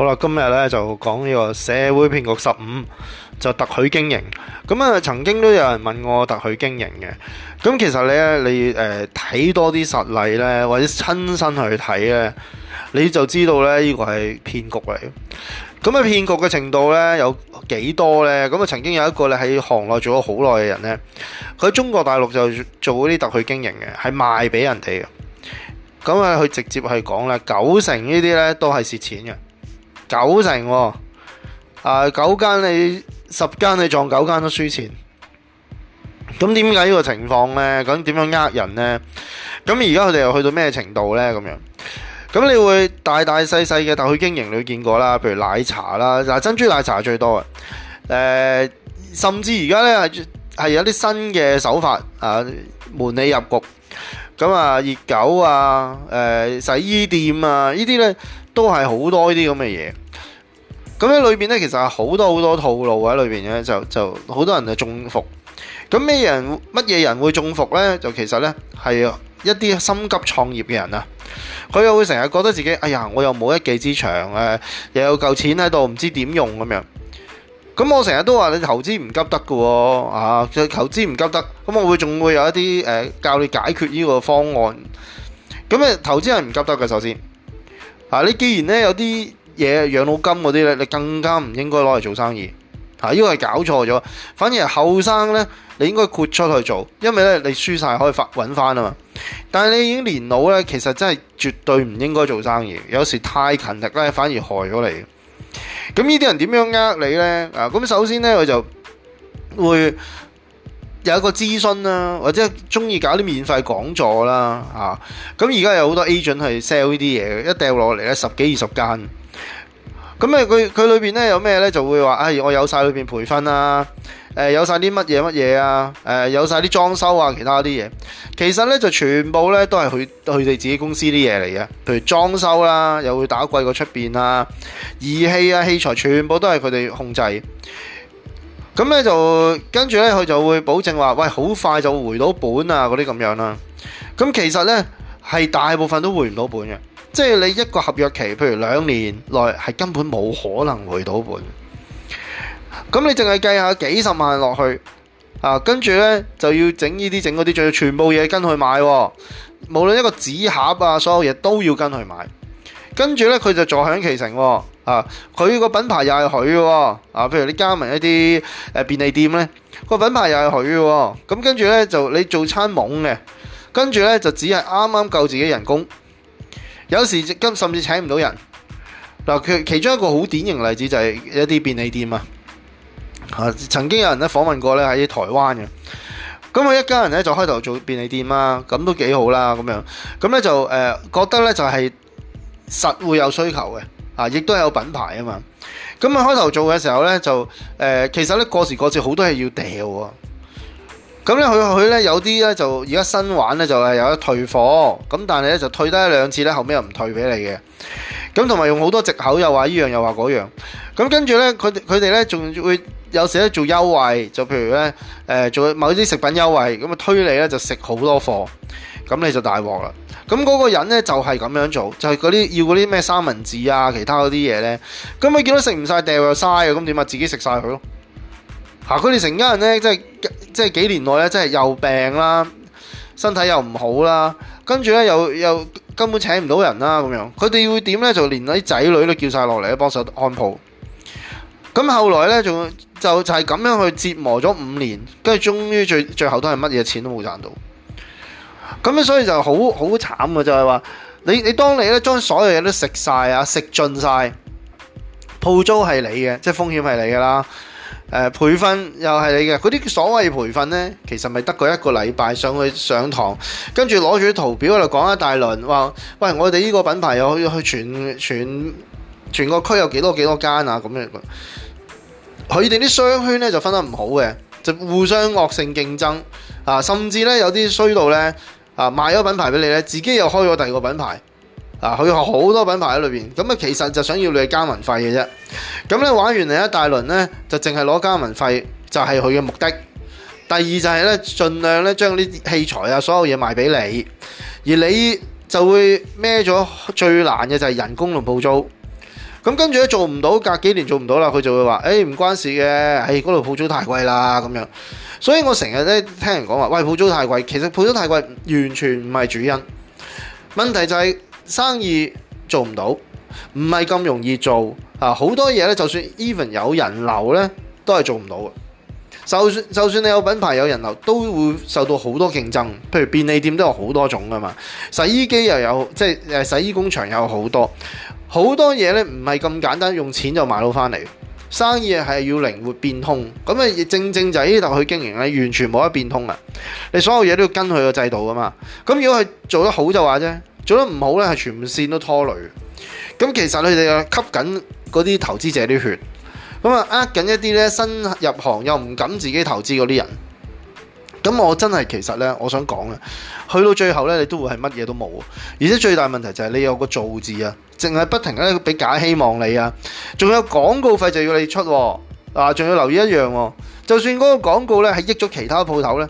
好啦，今日咧就講呢個社會騙局十五，就特許經營。咁啊，曾經都有人問我特許經營嘅。咁其實咧，你誒睇、呃、多啲實例咧，或者親身去睇咧，你就知道咧呢個係騙局嚟。咁啊，騙局嘅程度咧有幾多咧？咁啊，曾經有一個咧喺行內做咗好耐嘅人咧，佢喺中國大陸就做嗰啲特許經營嘅，係賣俾人哋嘅。咁啊，佢直接係講咧，九成呢啲咧都係蝕錢嘅。九成喎，啊、呃、九間你十間你撞九間都輸錢，咁點解呢個情況呢？咁點樣呃人呢？咁而家佢哋又去到咩程度呢？咁樣，咁你會大大細細嘅，特許經營你見過啦，譬如奶茶啦，嗱珍珠奶茶最多、呃、甚至而家呢係有啲新嘅手法，啊、呃，門你入局，咁、呃、啊熱狗啊、呃，洗衣店啊，呢啲呢。都係好多呢啲咁嘅嘢，咁喺裏邊呢，其實係好多好多套路喺裏邊呢，就就好多人就中伏。咁咩人，乜嘢人會中伏呢？就其實呢，係一啲心急創業嘅人啊，佢又會成日覺得自己哎呀，我又冇一技之長，誒，又有嚿錢喺度，唔知點用咁樣。咁我成日都話你投資唔急得㗎，啊，投資唔急得。咁我會仲會有一啲誒、呃、教你解決呢個方案。咁誒，投資係唔急得嘅，首先。啊！你既然咧有啲嘢養老金嗰啲咧，你更加唔應該攞嚟做生意，嚇！因為係搞錯咗。反而後生咧，你應該豁出去做，因為咧你輸晒可以發揾翻啊嘛。但係你已經年老咧，其實真係絕對唔應該做生意，有時太勤力咧反而害咗你。咁呢啲人點樣呃你咧？啊！咁首先咧，佢就會。有一個諮詢啦，或者鍾意搞啲免費講座啦，嚇，咁而家有好多 agent 係 sell 呢啲嘢嘅，一掉落嚟咧十幾二十間，咁誒佢佢裏邊咧有咩咧就會話，唉、哎、我有晒裏邊培訓啦，誒有晒啲乜嘢乜嘢啊，誒有晒啲裝修啊，其他啲嘢，其實咧就全部咧都係佢佢哋自己公司啲嘢嚟嘅，譬如裝修啦，又會外打貴過出邊啦，儀器啊，器材全部都係佢哋控制。咁咧就跟住咧，佢就會保證話：喂，好快就回到本啊！嗰啲咁樣啦、啊。咁其實咧係大部分都回唔到本嘅，即係你一個合約期，譬如兩年內係根本冇可能回到本。咁你淨係計下幾十萬落去啊，跟住咧就要整呢啲整嗰啲，仲要全部嘢跟佢買、啊，無論一個紙盒啊，所有嘢都要跟佢買。跟住咧佢就坐享其成、啊。佢個品牌又係佢嘅，啊，譬如你加盟一啲誒便利店咧，個品牌又係佢嘅，咁跟住咧就你做餐懵嘅，跟住咧就只係啱啱夠自己人工，有時跟甚至請唔到人。嗱，佢其中一個好典型例子就係一啲便利店啊，啊，曾經有人咧訪問過咧喺台灣嘅，咁佢一家人咧就開頭做便利店啦，咁都幾好啦，咁樣，咁咧就誒、呃、覺得咧就係、是、實會有需求嘅。啊，亦都係有品牌啊嘛，咁啊開頭做嘅時候咧就、呃、其實咧過時過節好多嘢要掉，咁咧佢佢咧有啲咧就而家新玩咧就係有得退貨，咁但係咧就退得一兩次咧，後尾又唔退俾你嘅，咁同埋用好多藉口又話呢樣又話嗰樣，咁跟住咧佢哋佢哋咧仲會有時咧做優惠，就譬如咧、呃、做某啲食品優惠，咁啊推你咧就食好多貨。咁你就大鑊啦！咁嗰個人呢，就係咁樣做，就係嗰啲要嗰啲咩三文治啊，其他嗰啲嘢呢。咁佢見到食唔晒，掉又嘥啊，咁點啊？自己食晒佢咯。吓！佢哋成家人呢，即係即係幾年內呢，即係又病啦，身體又唔好啦，跟住呢，又又根本請唔到人啦咁樣。佢哋會點呢？就連啲仔女都叫晒落嚟幫手看鋪。咁後來呢，仲就就係咁樣去折磨咗五年，跟住終於最最後都係乜嘢錢都冇賺到。咁咧，所以就好好慘嘅就係話，你你當你咧將所有嘢都食晒啊，食盡晒。鋪租係你嘅，即係風險係你嘅啦。誒、呃、培訓又係你嘅，嗰啲所謂培訓呢，其實咪得個一個禮拜上去上堂，跟住攞住啲圖表喺度講一大輪，話喂我哋呢個品牌又可以去全全全個區有幾多幾多間啊？咁樣佢哋啲商圈呢，就分得唔好嘅，就互相惡性競爭啊，甚至呢，有啲衰到呢。啊賣咗品牌俾你咧，自己又開咗第二個品牌，啊佢好多品牌喺裏邊，咁啊其實就想要你嘅加盟費嘅啫，咁你玩完你一大輪咧，就淨係攞加盟費就係佢嘅目的。第二就係咧盡量咧將啲器材啊、所有嘢賣俾你，而你就會孭咗最難嘅就係人工同鋪租，咁跟住咧做唔到，隔幾年做唔到啦，佢就會話誒唔關事嘅，誒嗰度鋪租太貴啦咁樣。所以我成日咧聽人講話，喂，鋪租太貴。其實鋪租太貴完全唔係主因，問題就係生意做唔到，唔係咁容易做啊！好多嘢咧，就算 even 有人流咧，都係做唔到嘅。就算就算你有品牌有人流，都會受到好多競爭。譬如便利店都有好多種噶嘛，洗衣機又有，即係誒洗衣工場有好多，好多嘢咧唔係咁簡單，用錢就買到翻嚟。生意啊，係要靈活變通，咁啊，正正就係呢度去經營咧，完全冇得變通啊！你所有嘢都要跟佢個制度噶嘛，咁如果佢做得好就話啫，做得唔好咧，係全線都拖累。咁其實佢哋啊，吸緊嗰啲投資者啲血，咁啊呃緊一啲咧新入行又唔敢自己投資嗰啲人。咁我真係其實咧，我想講嘅，去到最後咧，你都會係乜嘢都冇。而且最大問題就係、是、你有個造字啊，淨係不停咧俾假希望你啊，仲有廣告費就要你出啊，仲、啊、要留意一樣、啊，就算嗰個廣告咧係益咗其他鋪頭咧。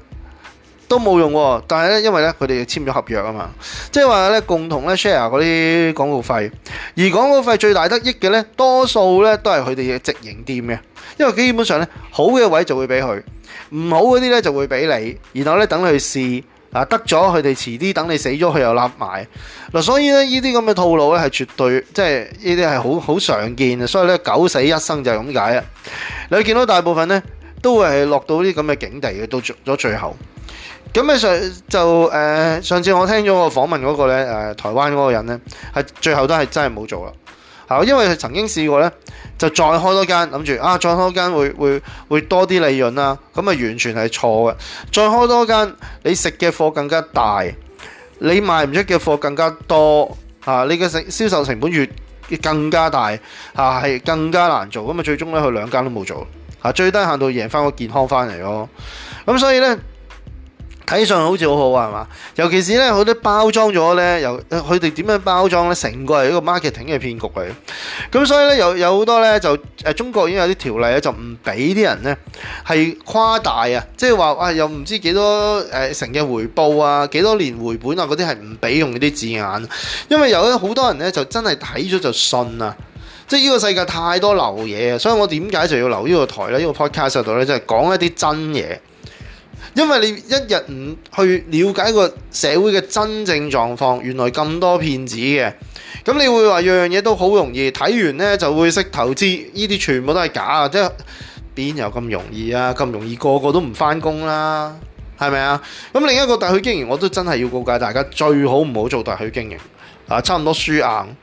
都冇用喎，但係咧，因為咧佢哋簽咗合約啊嘛，即係話咧共同咧 share 嗰啲廣告費，而廣告費最大得益嘅咧多數咧都係佢哋嘅直營店嘅，因為基本上咧好嘅位就會俾佢，唔好嗰啲咧就會俾你，然後咧等你去試，啊得咗佢哋遲啲等你死咗佢又立埋，嗱所以咧呢啲咁嘅套路咧係絕對即係呢啲係好好常見嘅，所以咧九死一生就係咁解啊！你見到大部分咧都會係落到啲咁嘅境地嘅，到咗最後。咁咧上就上次我聽咗個訪問嗰個咧台灣嗰個人咧，係最後都係真係冇做啦，因為佢曾經試過咧，就再開多間，諗住啊再開間會會會多啲利潤啦，咁啊完全係錯嘅。再開多間，你食嘅貨更加大，你賣唔出嘅貨更加多，你嘅銷銷售成本越更加大係、啊、更加難做，咁啊最終咧佢兩間都冇做，最低限度贏翻個健康翻嚟咯。咁所以咧。睇上好似好好啊，係嘛？尤其是咧，好多包裝咗咧，由佢哋點樣包裝咧，成個係一個 marketing 嘅騙局嚟。咁所以咧，有有好多咧就誒、呃、中國已經有啲條例咧，就唔俾啲人咧係誇大、就是、啊，即係話啊又唔知幾多誒、呃、成嘅回報啊，幾多年回本啊，嗰啲係唔俾用嗰啲字眼。因為有好多人咧就真係睇咗就信啊，即係呢個世界太多流嘢啊，所以我點解就要留呢個台咧，呢、呢個 podcast 度咧，即、就、係、是、講一啲真嘢。因為你一日唔去了解個社會嘅真正狀況，原來咁多騙子嘅，咁你會話樣樣嘢都好容易睇完呢就會識投資，呢啲全部都係假啊！即係邊有咁容易啊？咁容易個個都唔返工啦，係咪啊？咁另一個特許經營，我都真係要告誡大家，最好唔好做特許經營啊，差唔多輸硬。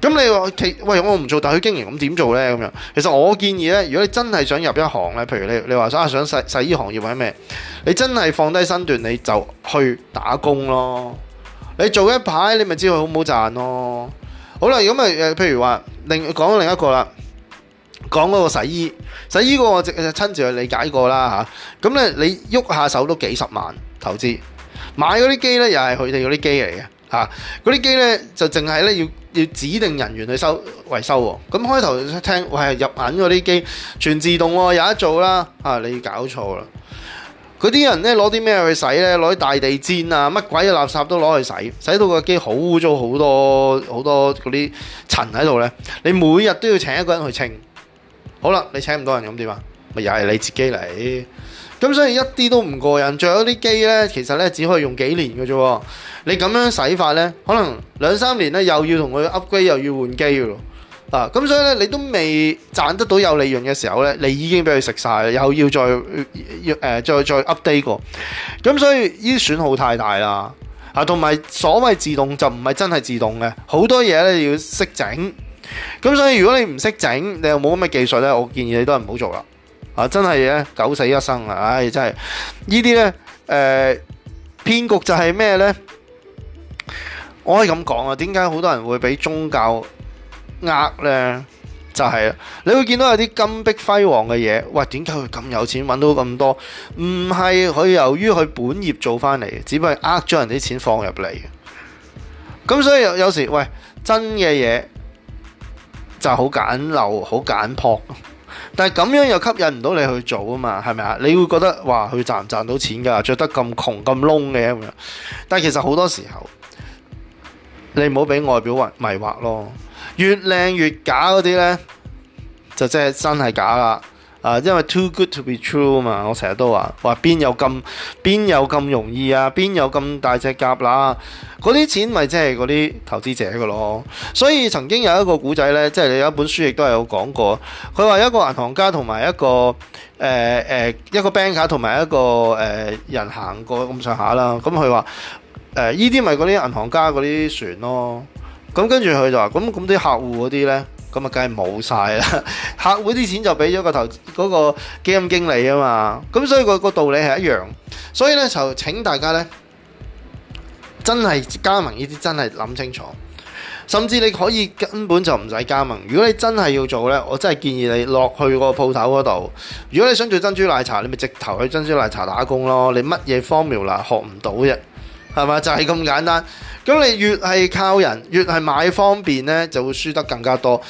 咁你話其喂，我唔做，但佢經營咁點做呢？咁樣，其實我建議呢，如果你真係想入一行呢，譬如你你話想想洗洗衣行業或者咩，你真係放低身段，你就去打工咯。你做一排，你咪知佢好唔好賺咯。好啦，咁咪譬如話另講另一個啦，講嗰個洗衣，洗衣個我直親自去理解過啦吓。咁、啊、呢你喐下手都幾十萬投資，買嗰啲機呢，又係佢哋嗰啲機嚟嘅。嗰、啊、啲機咧就淨係咧要要指定人員去收維修喎。咁、啊、開頭聽喂入銀嗰啲機全自動喎，有得做啦。你、啊、你搞錯啦！嗰啲人咧攞啲咩去洗咧？攞啲大地氈啊，乜鬼嘅垃圾都攞去洗，洗到個機好污糟，好多好多嗰啲塵喺度咧。你每日都要請一個人去清。好啦，你請唔多人咁點啊？咪又係你自己嚟。咁所以一啲都唔過癮，仲有啲機咧，其實咧只可以用幾年嘅啫。你咁樣使法咧，可能兩三年咧又要同佢 upgrade，又要換機㗎咯。啊，咁所以咧你都未賺得到有利潤嘅時候咧，你已經俾佢食曬，又要再要、呃、再再 update 過。咁所以呢啲損耗太大啦。啊，同埋所謂自動就唔係真係自動嘅，好多嘢咧要識整。咁所以如果你唔識整，你又冇咁嘅技術咧，我建議你都係唔好做啦。啊！真係咧，九死一生啊！唉、哎，真係呢啲呢誒，騙局就係咩呢？我可以咁講啊，點解好多人會俾宗教呃呢？就係、是，你會見到有啲金碧輝煌嘅嘢，喂，點解佢咁有錢，搵到咁多？唔係佢由於佢本業做翻嚟，只不過呃咗人啲錢放入嚟。咁所以有時，喂，真嘅嘢就好簡陋，好簡樸。但係咁樣又吸引唔到你去做啊嘛，係咪啊？你會覺得話佢賺唔賺到錢㗎？着得咁窮咁窿嘅咁樣，但係其實好多時候，你唔好俾外表迷惑咯。越靚越假嗰啲咧，就即係真係真係假啦。啊，因為 too good to be true 啊嘛，我成日都話話邊有咁邊有咁容易啊，邊有咁大隻蛤乸啊？嗰啲錢咪即係嗰啲投資者㗎咯。所以曾經有一個古仔咧，即係你有一本書亦都係有講過。佢話有一個銀行家同埋一個誒、呃呃、一個 banker 同埋一個、呃、人行過咁上下啦。咁佢話呢啲咪嗰啲銀行家嗰啲船咯。咁跟住佢就話咁咁啲客戶嗰啲咧。咁啊，梗係冇晒啦！客戶啲錢就俾咗個投資嗰個基金經理啊嘛，咁所以個個道理係一樣。所以咧就請大家咧，真係加盟呢啲真係諗清楚。甚至你可以根本就唔使加盟。如果你真係要做咧，我真係建議你落去個鋪頭嗰度。如果你想做珍珠奶茶，你咪直頭去珍珠奶茶打工咯。你乜嘢 formula 學唔到啫，係咪？就係咁簡單。咁你越係靠人，越係買方便呢，就會輸得更加多。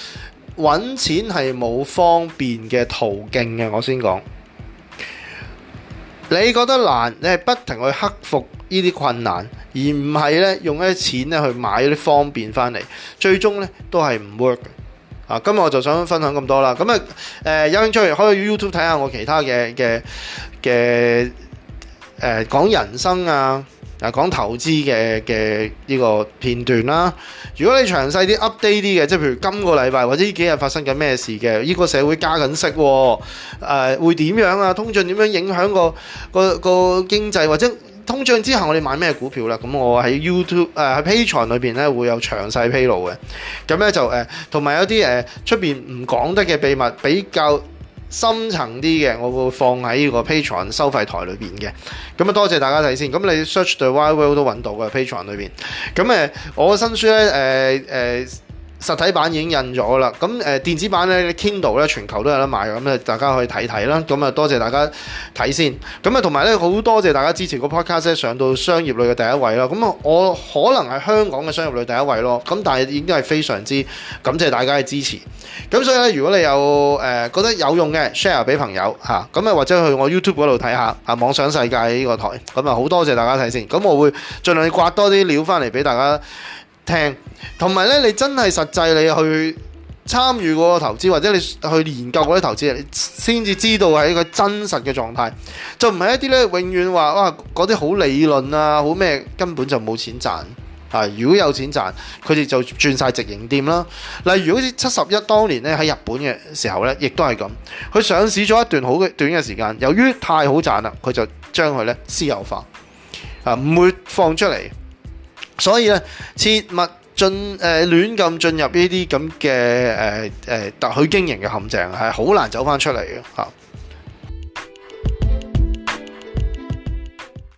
揾錢係冇方便嘅途徑嘅，我先講。你覺得難，你係不停去克服呢啲困難，而唔係呢用一啲錢呢去買啲方便翻嚟，最終呢都係唔 work 嘅。啊，今日我就想分享咁多啦。咁啊，誒、呃、有興趣可以 YouTube 睇下我其他嘅嘅嘅講人生啊。嗱，講投資嘅嘅呢個片段啦。如果你詳細啲 update 啲嘅，即係譬如今個禮拜或者呢幾日發生緊咩事嘅，呢、呢個社會加緊息喎、呃，會會點樣啊？通脹點樣影響個個個經濟，或者通脹之後我哋買咩股票啦。咁我喺 YouTube 喺、呃、Patreon 裏面咧會有詳細披露嘅。咁咧就同埋、呃、有啲誒出面唔講得嘅秘密比較。深層啲嘅，我會放喺呢個 Patreon 收費台裏面嘅。咁啊，多謝大家睇先。咁你 search the why world 都揾到嘅 Patreon 裏面。咁我嘅新書咧，誒、呃呃實體版已經印咗啦，咁誒電子版咧，Kindle 咧全球都有得買，咁咧大家可以睇睇啦，咁啊多謝大家睇先，咁啊同埋咧好多謝大家支持個 Podcast 上到商業類嘅第一位囉。咁我可能係香港嘅商業類第一位咯，咁但係已經係非常之感謝大家嘅支持，咁所以咧如果你有誒、呃、覺得有用嘅 share 俾朋友嚇，咁啊或者去我 YouTube 嗰度睇下妄想世界呢個台，咁啊好多謝大家睇先，咁我會盡量刮多啲料翻嚟俾大家。聽，同埋咧，你真係實際你去參與過個投資，或者你去研究嗰啲投資，你先至知道係一個真實嘅狀態，就唔係一啲咧永遠話哇嗰啲好理論啊，好咩根本就冇錢賺、啊、如果有錢賺，佢哋就轉晒直營店啦。例如好似七十一當年咧喺日本嘅時候咧，亦都係咁，佢上市咗一段好嘅短嘅時間，由於太好賺啦，佢就將佢咧私有化啊，唔會放出嚟。所以呢，切勿進、呃、亂咁進入呢啲咁嘅特許經營嘅陷阱，係好難走翻出嚟嘅嚇。